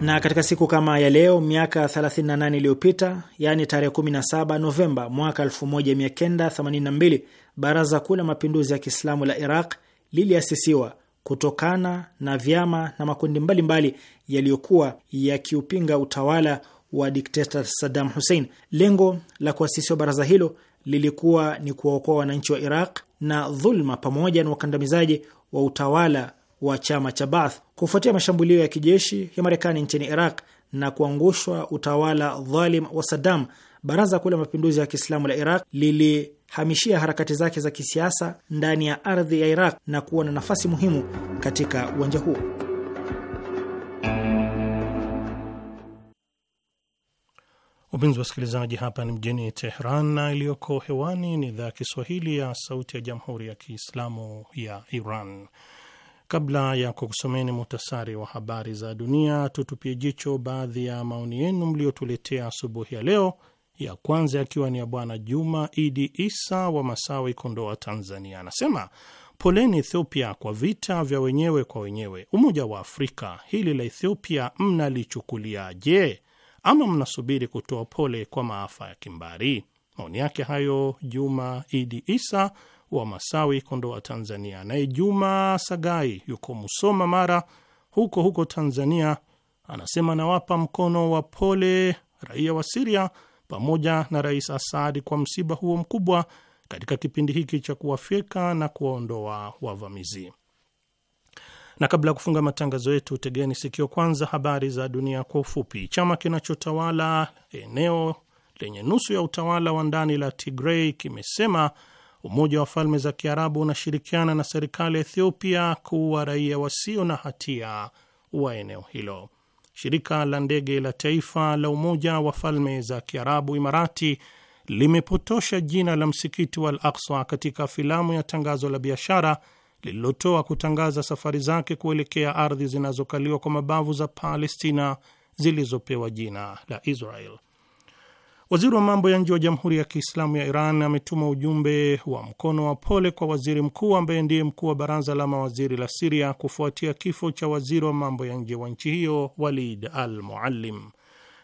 Na katika siku kama ya leo miaka 38 iliyopita, yaani tarehe 17 Novemba mwaka 1982, Baraza Kuu la Mapinduzi ya Kiislamu la Iraq liliasisiwa kutokana na vyama na makundi mbalimbali yaliyokuwa yakiupinga utawala wa dikteta Saddam Hussein. Lengo la kuasisiwa baraza hilo lilikuwa ni kuwaokoa wananchi wa Iraq na dhulma pamoja na ukandamizaji wa utawala wa chama cha Baath kufuatia mashambulio ya kijeshi ya Marekani nchini Iraq na kuangushwa utawala dhalim wa Saddam. Baraza Kuu la Mapinduzi ya Kiislamu la Iraq lilihamishia harakati zake za kisiasa ndani ya ardhi ya Iraq na kuwa na nafasi muhimu katika uwanja huo. wa wasikilizaji, hapa ni mjini Tehran na iliyoko hewani ni idhaa ya Kiswahili ya Sauti ya Jamhuri ya Kiislamu ya Iran. Kabla ya kukusomeni muhtasari wa habari za dunia, tutupie jicho baadhi ya maoni yenu mliotuletea asubuhi ya leo. Ya kwanza akiwa ni ya Bwana Juma Idi Isa wa Masawi, Kondoa, Tanzania, anasema Poleni Ethiopia kwa vita vya wenyewe kwa wenyewe. Umoja wa Afrika, hili la Ethiopia mnalichukuliaje? Ama mnasubiri kutoa pole kwa maafa ya kimbari? Maoni yake hayo Juma Idi Isa wa Masawi, Kondoa, Tanzania. Naye Juma Sagai yuko Musoma, Mara, huko huko Tanzania, anasema anawapa mkono wa pole raia wa Siria pamoja na Rais Asadi kwa msiba huo mkubwa katika kipindi hiki cha kuwafyeka na kuwaondoa wavamizi. Na kabla ya kufunga matangazo yetu, tegeni sikio kwanza habari za dunia kwa ufupi. Chama kinachotawala eneo lenye nusu ya utawala wa ndani la Tigrei kimesema Umoja wa Falme za Kiarabu unashirikiana na serikali ya Ethiopia kuwa raia wasio na hatia wa eneo hilo. Shirika la ndege la taifa la Umoja wa Falme za Kiarabu Imarati limepotosha jina la msikiti wa Al Aksa katika filamu ya tangazo la biashara lililotoa kutangaza safari zake kuelekea ardhi zinazokaliwa kwa mabavu za Palestina zilizopewa jina la Israel. Waziri wa mambo ya nje wa Jamhuri ya Kiislamu ya Iran ametuma ujumbe wa mkono wa pole kwa waziri mkuu ambaye ndiye mkuu wa baraza la mawaziri la Siria kufuatia kifo cha waziri wa mambo ya nje wa nchi hiyo Walid al Muallim.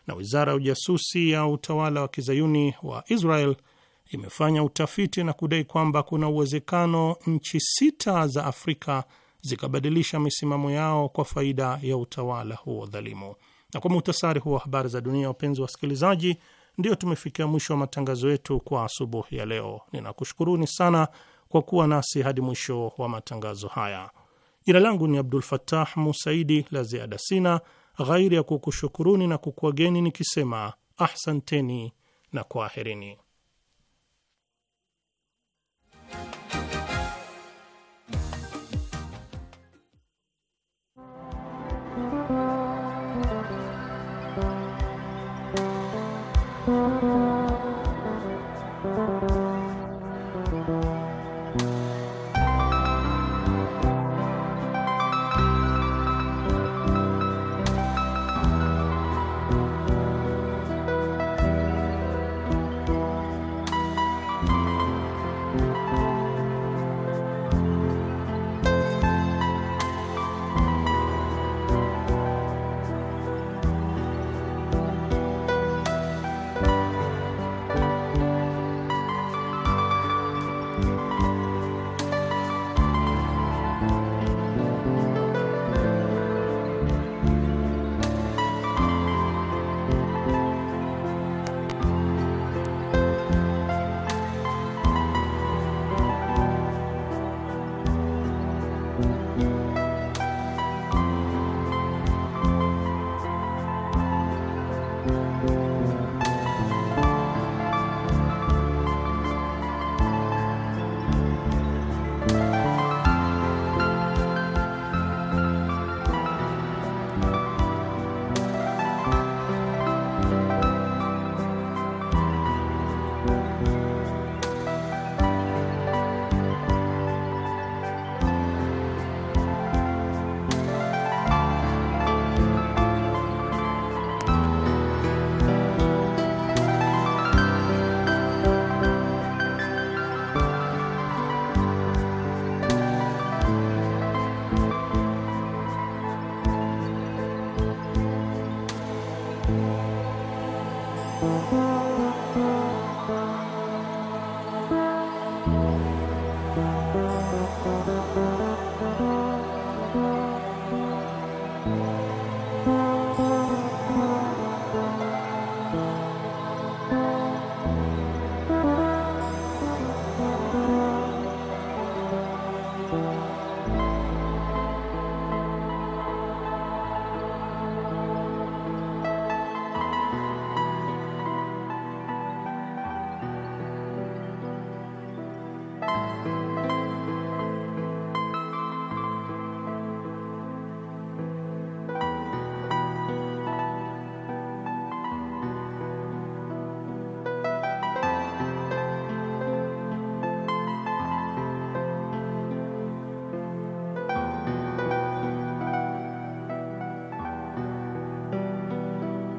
Na wizara ya ujasusi ya utawala wa kizayuni wa Israel imefanya utafiti na kudai kwamba kuna uwezekano nchi sita za Afrika zikabadilisha misimamo yao kwa faida ya utawala huo dhalimu. Na kwa muhtasari huo habari za dunia, wapenzi wa wasikilizaji Ndiyo tumefikia mwisho wa matangazo yetu kwa asubuhi ya leo. Ninakushukuruni sana kwa kuwa nasi hadi mwisho wa matangazo haya. Jina langu ni Abdul fatah Musaidi. La ziada sina ghairi ya kukushukuruni na kukuageni nikisema ahsanteni na kwaherini.